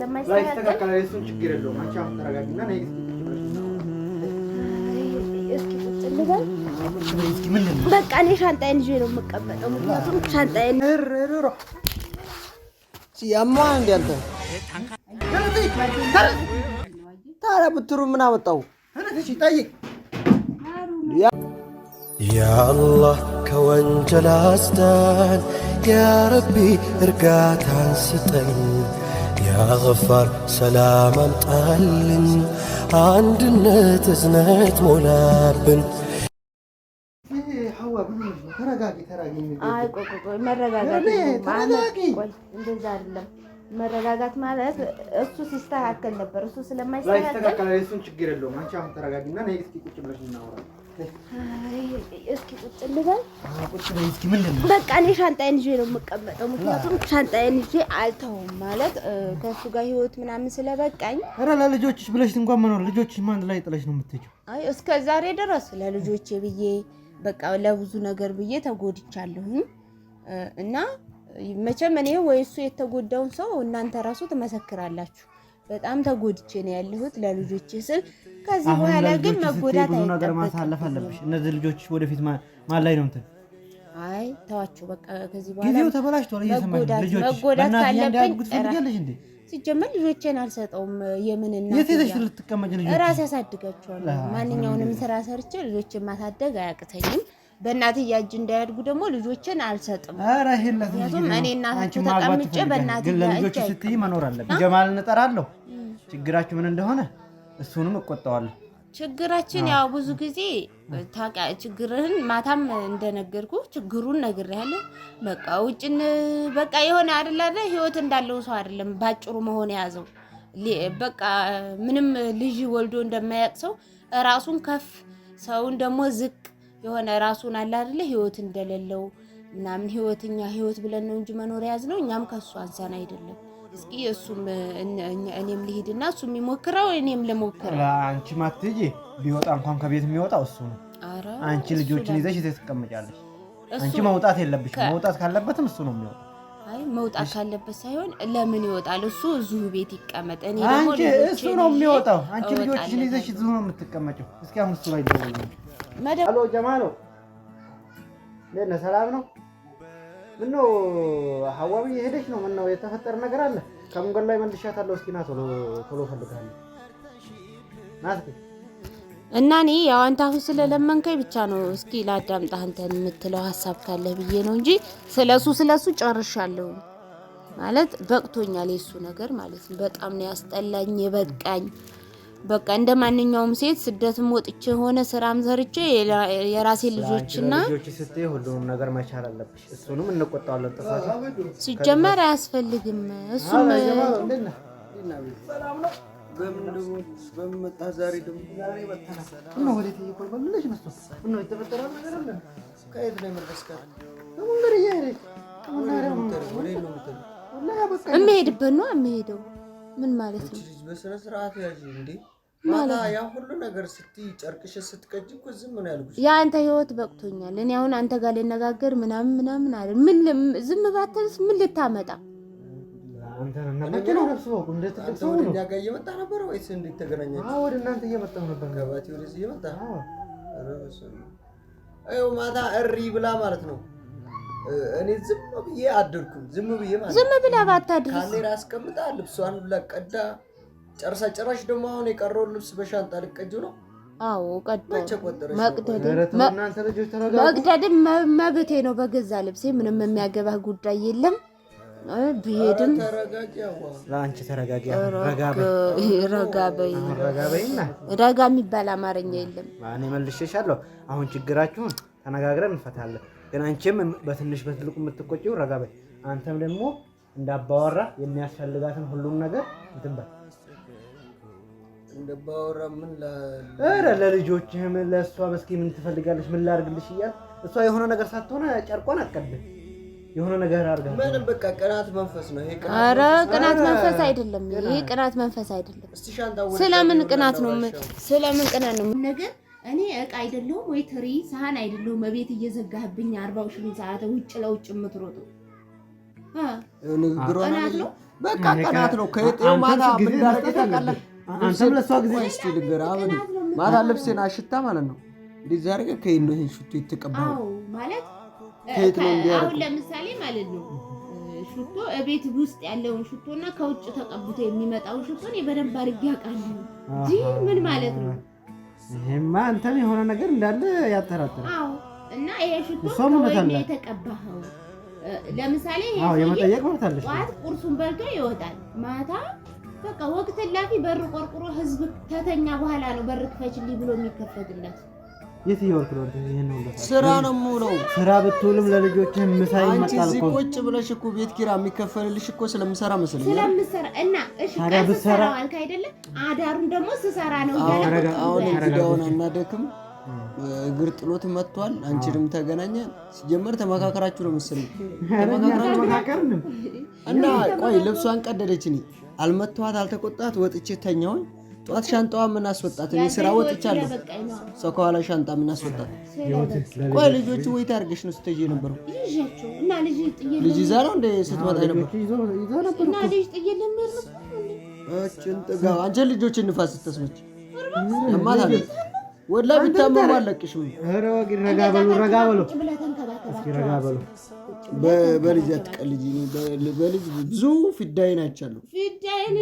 ለማይስተካከል ችግር የለውም። በቃ እኔ ሻንጣዬን ይዤ ነው የምቀመጠው። ምክንያቱም ሻንጣዬን ያማዋ እንደ አንተ ታዲያ ብትሩ ምን አመጣው? ያአላህ ከወንጀል አስዳን፣ ያረቢ እርጋታን ስጠኝ ያገፋር ሰላም አምጣልን፣ አንድነት እዝነት ሞላብን። እንደዛ አይደለም። መረጋጋት ማለት እሱ ሲስተካከል ነበር። እሱ ስለማይስተካከል ችግር የለውም። አንቺ አሁን ተረጋጊና ነይ እስኪ ቁጭ ብለሽ እናወራለን። እስኪ ቁጭ ልበል። በቃ እኔ ሻንጣዬን ይዤ ነው የምቀመጠው። ምክንያቱም ሻንጣዬን ይዤ አልተውም ማለት ከእሱ ጋር ህይወት ምናምን ስለበቃኝ። ኧረ ለልጆችሽ ብለሽ እንኳን መኖር ልጆችሽ ማን ላይ ጥለሽ ነው የምትሄጂው? አይ እስከ ዛሬ ድረስ ለልጆቼ ብዬ በቃ ለብዙ ነገር ብዬ ተጎድቻለሁ እና መቼም እኔ ወይ እሱ የተጎዳውን ሰው እናንተ ራሱ ትመሰክራላችሁ በጣም ተጎድቼ ነው ያለሁት ለልጆች ስል። ከዚህ በኋላ ግን መጎዳት ብዙ ነገር ማሳለፍ አለብሽ። እነዚህ ልጆች ወደፊት ማን ላይ ነው እንትን? አይ ተዋቸው በቃ። ከዚህ በኋላ ጊዜው ተበላሽቷል። መጎዳት ካለብኝ ሲጀመር ልጆቼን አልሰጠውም። የምንና ራሴ ያሳድጋቸዋል። ማንኛውንም ስራ ሰርቼ ልጆችን ማሳደግ አያቅተኝም። በእናትያ እጅ እንዳያድጉ ደግሞ ልጆችን አልሰጥም። ምክንያቱም እኔ እናታቸው ተቀምጬ በእናትያ እጅ ስትይ መኖር አለብኝ። ጀማል እንጠራለሁ። ችግራችሁ ምን እንደሆነ እሱንም እቆጠዋለሁ። ችግራችን ያው ብዙ ጊዜ ችግርህን ማታም እንደነገርኩ ችግሩን ነግሬሃለሁ። በቃ ውጭን በቃ የሆነ አይደል ህይወት እንዳለው ሰው አይደለም ባጭሩ መሆን የያዘው በቃ ምንም ልጅ ወልዶ እንደማያውቅ ሰው ራሱን ከፍ ሰውን ደግሞ ዝቅ የሆነ ራሱን አለ አይደለ ህይወት እንደሌለው ምናምን ህይወትኛ ህይወት ብለን ነው እንጂ መኖር ያዝ ነው። እኛም ከሱ አንሳን አይደለም። እስኪ እሱም እኔም ልሂድና እሱ የሚሞክረው እኔም ልሞክረው። አንቺ ማትጂ ቢወጣ እንኳን ከቤት የሚወጣው እሱ ነው። አንቺ ልጆችን ይዘሽ ይዘሽ ትቀመጫለሽ። አንቺ መውጣት የለብሽ። መውጣት ካለበትም እሱ ነው የሚወጣው። አይ መውጣት ካለበት ሳይሆን ለምን ይወጣል? እሱ እዚሁ ቤት ይቀመጥ። እኔ ደግሞ እሱ ነው የሚወጣው። አንቺ ልጆችን ይዘሽ እዚሁ ነው የምትቀመጪው። እስኪ አሁን እሱ ላይ ደውል ሄሎ ጀማ ነው። እንዴት ነህ? ሰላም ነው? ምነው ሀዋቢ ሄደች ነው? ምነው የተፈጠረ ነገር አለ? ከመንገድ ላይ መልሻታለሁ። እስኪ ና ቶሎ ቶሎ ፈልጋለሁ። ና እስኪ እና እኔ ያው አንተ አሁን ስለለመንከኝ ብቻ ነው እስኪ ላዳምጣህ አንተን የምትለው ሀሳብ ካለ ብዬ ነው እንጂ ስለሱ ስለሱ ጨርሻለሁ ማለት በቅቶኛል። የሱ ነገር ማለት ነው በጣም ነው ያስጠላኝ የበቃኝ በቃ እንደ ማንኛውም ሴት ስደትም ወጥቼ የሆነ ስራም ሰርቼ የራሴ ልጆችና ሁሉንም ነገር መቻል አለብሽ። እሱንም እንቆጣዋለን። ጥፋት ሲጀመር አያስፈልግም። እሱም የምሄድበት ነው የምሄደው። ምን ማለት ነው? ማታ ያ ሁሉ ነገር ስትይ ጨርቅሽ ስትቀጅ እኮ ዝም ነው ያልኩሽ። የአንተ ህይወት በቅቶኛል። እኔ አሁን አንተ ጋር ልነጋገር ምናምን ምናምን አለ። ምን ዝም ባትልስ ምን ልታመጣ ማታ እሪ ብላ ማለት ነው። እኔ ዝም ብዬ አደርኩም። ዝም ብዬ ማለት ዝም ብላ ባታድርስ ካሜራ አስቀምጣ ልብሷን ሁላ ቀዳ ጨርሳ ጭራሽ ደግሞ አሁን የቀረውን ልብስ በሻንጣ ልቀጁ ነው። አዎ መቅደድም መብቴ ነው። በገዛ ልብሴ ምንም የሚያገባህ ጉዳይ የለም። ብሄድም ለአንቺ ተረጋጊ፣ ረጋ የሚባል አማርኛ የለም። እኔ መልሼሻለሁ። አሁን ችግራችሁን ተነጋግረን እንፈታለን። ግን አንቺም በትንሽ በትልቁ የምትቆጪው ረጋ በይ። አንተም ደግሞ እንዳባወራ የሚያስፈልጋትን ሁሉም ነገር እንትን በል ኧረ ለልጆችህም ለእሷም እስኪ ምን ትፈልጋለች? ምን ላድርግልሽ እያልክ እሷ የሆነ ነገር ሳትሆነ ጨርቆን አትቀድም። የሆነ ነገር አድርጋ ምንም በቃ ቅናት መንፈስ ነው። ኧረ ቅናት መንፈስ አይደለም። ይሄ ቅናት መንፈስ አይደለም። ስለምን ቅናት ነው? ስለምን ቅናት ነው ነገር እኔ እቃ አይደለሁም ወይ ትሪ ሰሃን አይደለሁም። መቤት እየዘጋህብኝ አርባው ሺህ ሰዓት ውጭ ለውጭ የምትሮጡ ቅናት ነው። በቃ ቅናት ነው። ከየጤው ማታ ምን ታውቃለህ? አንተም ለእሷ ጊዜ ስቲ ልንገር አበዱ ማታ ልብሴን አሽታ ማለት ነው። እንደዚህ አድርገህ ከየት ነው ይሄን ሽቶ የተቀባው? ማለት ከየት ነው እንዲያደርግ? አሁን ለምሳሌ ማለት ነው ሽቶ እቤት ውስጥ ያለውን ሽቶ እና ከውጭ ተቀብቶ የሚመጣውን ሽቶ እኔ በደንብ አድርጌ አውቃለሁ እንጂ ምን ማለት ነው ይሄማ አንተም የሆነ ነገር እንዳለ ያጠራጥራል። አዎ እና ይሄ ሽቶ የተቀባኸው ለምሳሌ ይሄ ሰውዬ ጠዋት ቁርሱን በልቶ ይወጣል ማታ በቃ ወቅት ላፊ በር ቆርቁሮ ህዝብ ከተኛ በኋላ ነው በር ክፈችልኝ ብሎ የሚከፈትለት። የት እየወርክ ነው? ይሄን ነው ስራ ነው የምውለው። ስራ ብትውልም ለልጆች ምሳይ ይመጣል እኮ። አንቺ እዚህ ቁጭ ብለሽ እኮ ቤት ኪራ የሚከፈልልሽ እኮ ስለምሰራ መስለኝ ስለምሰራ እና እሺ፣ ታዲያ ብትሰራ አልክ አይደለ? አዳሩን ደግሞ ስሰራ ነው እያለ አሁን እንግዳውን አናደክም እግር ጥሎት መጥቷል። አንቺንም ተገናኘ ሲጀመር ተመካከራችሁ ነው መሰለኝ። ተመካከራችሁ እና ቆይ ልብሷን ቀደደችኝ አልመተዋት አልተቆጣት ወጥቼ ተኛውን ጠዋት ሻንጣዋ ምን አስወጣት? እኔ ስራ ወጥቻለሁ። ሰው ከኋላ ሻንጣ ምን አስወጣት? ቆይ ልጆቹ ወይ ታርገሽ ነው ስትሄጂ የነበረው? ልጅ ይዛ ነው እንደ ስትመጣ ነበር። አንቺን ልጆች ንፋስ ስተስመች እማታ ወላ ቢታመሙ አለቅሽም። ረጋ በሉ ረጋ በሉ በልጅ አትቀልጂ። በልጅ ብዙ ፊዳይን አይቻለሁ። ፊዳይን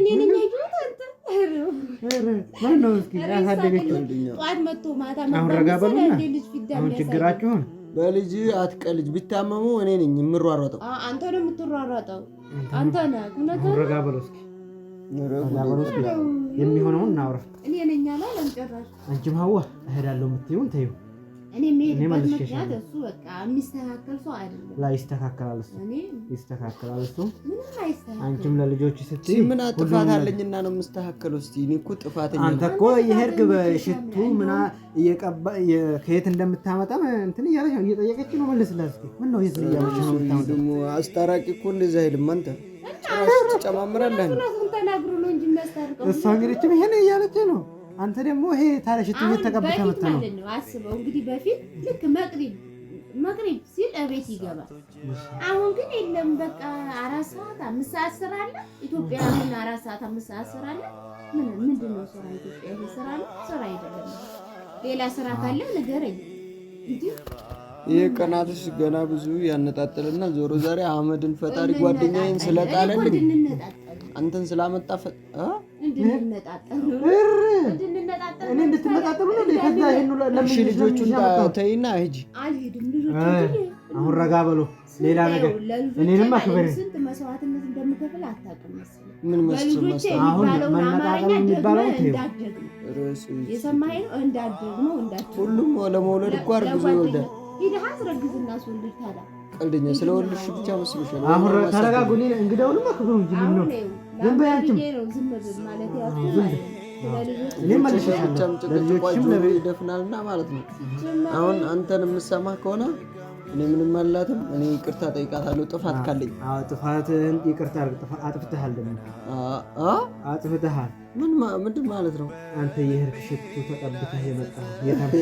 ችግራችሁን በልጅ አትቀልጅ። ቢታመሙ እኔ ነኝ የምሯሯጠው። አንተ ነው የምትሯሯጠው። አንተ ነህ የሚሆነውን እናውራ። እኔ ነኝ አላ ጨራሽ አንቺም ሀዋ እሄዳለሁ የምትይውን ተይው እኔ የምሄድበት ምክንያት እሱ በቃ የሚስተካከል ሰው አይደለም። ይስተካከላል፣ እሱ ይስተካከላል፣ እሱ አንቺም ለልጆች ስትይ ምን ጥፋት አለኝና ነው የምስተካከለው? እስኪ እኔ እኮ ጥፋተኛ አንተ እኮ የሄድክ በሽቱ ምና ከየት እንደምታመጣም እንትን እያለች ነው እየጠየቀች ነው። መልስላት እስኪ ምን ነው የት እያለች ነው የምታመጣ? አስታራቂ እኮ እንደዚህ አይልም። አንተ ጭራሽ ትጨማምራለህ። እሷ እንግዲህ ይሄን እያለች ነው አንተ ደግሞ ይሄ ታዲያ ሽቶ ቤት ተቀብተህ መጥተህ ነው አስበው። እንግዲህ በፊት ልክ መቅሪብ መቅሪብ ሲል እቤት ይገባል። አሁን ግን የለም በቃ አራት ሰዓት አምስት ሰዓት ስራ አለ ኢትዮጵያ። አሁን አራት ሰዓት አምስት ሰዓት ስራ አለ። ምን ምንድን ነው ስራ ኢትዮጵያ? ይሄ ስራ ነው ስራ አይደለም። ሌላ ስራ ካለ ንገረኝ እንጂ ይህ ቀናትሽ ገና ብዙ ያነጣጥልና ዞሮ ዛሬ አህመድን ፈጣሪ ጓደኛዬን ስለጣለልኝ አንተን ስላመጣ እሺ፣ ልጆቹን ተይና ሂጂ። አሁን ረጋ በሎ ሌላ ነገር እኔንም አክበሬ ምን መስሎህ አሁን መነጣጠል የሚባለው ሁሉም ለመውለድ እኮ አርግዞ ይወልዳል። ሄደህ አስረግዝና አስወልድ ታዲያ ቀልደኛ ስለወልድሽ ብቻ መስሎሻል? አሁን ተረጋጉ። እንጂ ምን ነው ዝም በይ አንቺም። ለልጆችም ደፍናልና ማለት ነው። አሁን አንተን የምሰማህ ከሆነ እኔ ምንም አላትም። እኔ ይቅርታ ጠይቃታለሁ። ጥፋት ካለኝ ጥፋትህን ይቅርታ አጥፍትሃል። አጥፍትሃል ምን ምንድን ማለት ነው? አንተ የህርክ ሽቱ ተቀብተህ የመጣህ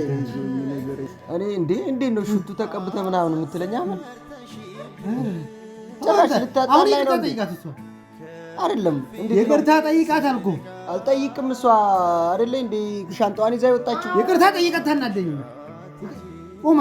እኔ እንዴ እንዴት ነው ሽቱ ተቀብተህ ምናምን የምትለኛ? ምን ጭራሽ ልታጣላኝ ነው? አይደለም ይቅርታ ጠይቃት አልኩ። አልጠይቅም። እሷ አይደለ እንዴ ሻንጣዋን ይዛ የወጣችው? ይቅርታ ጠይቃት። ታናደኝ ቁማ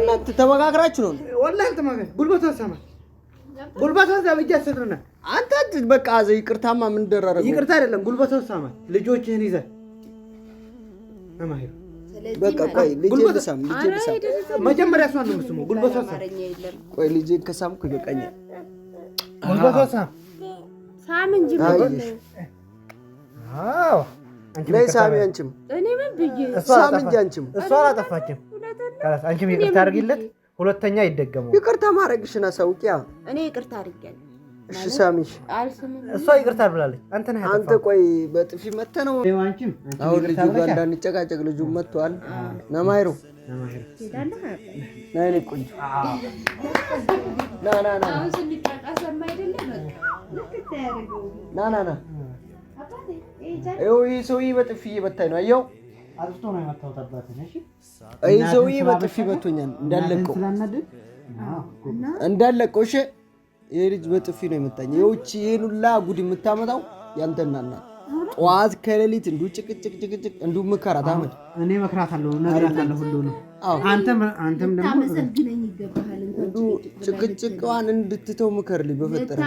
እናንተ ተመካክራችሁ ነው? ወላሂ አልተመካከርንም። ጉልበቷ ሰማል አሰማ እጃ ስድርናል። አንተ በቃ አዘ ይቅርታማ ምን ደረረ ይቅርታ አይደለም ጉልበቷ ሰማል። ልጆችህን ይዘህ በቃ ቆይ ልጄ ልሳም ልጄ ልሳም መጀመሪያ እሷን ነው የምትስመው። ጉልበቷ ሳም ቆይ ልጄ ከሳምኩ ይበቃኛል። ጉልበቷ ሳም ሳም እንጂ አዎ፣ ነይ ሳሚ አንቺም እኔ ምን ብዬሽ ሳም እንጂ አንቺም እሷ አላጠፋችም። አንቺም ይቅርታ አድርጊለት፣ ሁለተኛ አይደገመው። ይቅርታ ማድረግሽን አሳውቂ። እኔ ይቅርታ አድርጊያለሁ። እሺ ሳሚሽ፣ እሷ ይቅርታ ብላለች። አንተ ነህ አንተ። ቆይ በጥፊ መተህ ነው አሁን ልጁ ጋር እንዳንጨቃጨቅ። ልጁ መጥቷል። ነማይሩ ነማይሩ፣ ነይ ቆንጆ፣ ና ና ና ና ና ና። ይህ ሰውዬ በጥፊ እየመታኝ ነው። አየው አጥፍቶ ነው የመታወት አባትን። እሺ ይህ ሰውዬ በጥፊ መቶኛል እንዳለቀው እንዳለቀው። እሺ ይሄ ልጅ በጥፊ ነው የመታኝ። የውጭ ይሄን ሁላ ጉድ የምታመጣው ያንተ እናት ናት። ጠዋት ከሌሊት እንዱ ጭቅጭቅጭቅጭቅ እንዱ ምከራት አመድ እኔ መክራታለሁ፣ እነግራታለሁ ሁሉ ነው። አንተም ደግሞ ጭቅጭቅዋን እንድትተው ምከር በፈጠረ።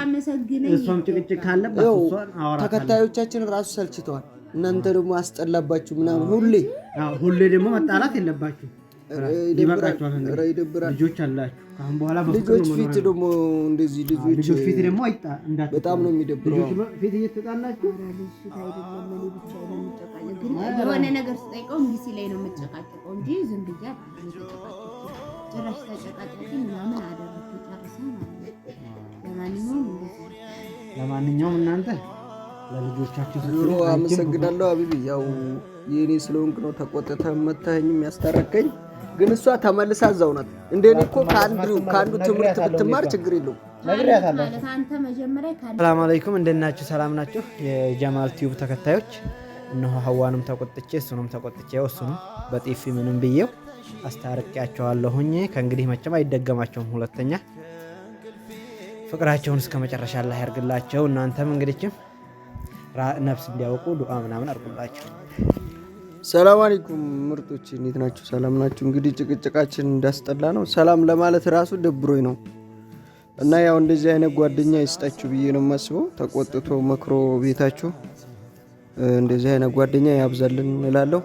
እሷም ጭቅጭቅ ካለባት ተከታዮቻችን ራሱ ሰልችተዋል። እናንተ ደግሞ አስጠላባችሁ ምናምን ሁሌ ሁሌ ደግሞ መጣላት የለባችሁ። ልጆች አላችሁ በኋላ ልጆች ፊት ደግሞ እንደዚህ ልጆች ፊት ደግሞ በጣም ነው የሚደብረው። እየተጣላችሁ ነገር ስጠይቀው ነው የምጨቃጨቀው እንጂ ዝም ብዬ ምናምን ለማንኛውም ለማንኛውም እናንተ ለልጆቻችን አመሰግናለሁ። አቢቢ ያው የእኔ ስለሆንክ ነው ተቆጥተህ መታኝ ያስታረከኝ። ግን እሷ ተመልሳ እዛው ናት። እንደኔ እኮ ከአንዱ ከአንዱ ትምህርት ብትማር ችግር የለውም። ሰላም አለይኩም፣ እንደት ናችሁ? ሰላም ናችሁ? የጀማል ቲዩብ ተከታዮች እነሆ ሀዋንም ተቆጥቼ እሱንም ተቆጥቼ እሱንም በጤፊ ምንም ብዬው አስታርቂያቸዋለሁኝ። ከእንግዲህ መቼም አይደገማቸውም ሁለተኛ። ፍቅራቸውን እስከ መጨረሻ ላይ ያርግላቸው። እናንተም እንግዲችም ነፍስ እንዲያውቁ ዱዓ ምናምን አድርጉላቸው። ሰላም አለይኩም ምርጦች፣ እንዴት ናችሁ? ሰላም ናችሁ? እንግዲህ ጭቅጭቃችን እንዳስጠላ ነው። ሰላም ለማለት ራሱ ደብሮኝ ነው እና ያው እንደዚህ አይነት ጓደኛ ይስጣችሁ ብዬ ነው የማስበው። ተቆጥቶ መክሮ ቤታችሁ እንደዚህ አይነት ጓደኛ ያብዛልን እላለሁ።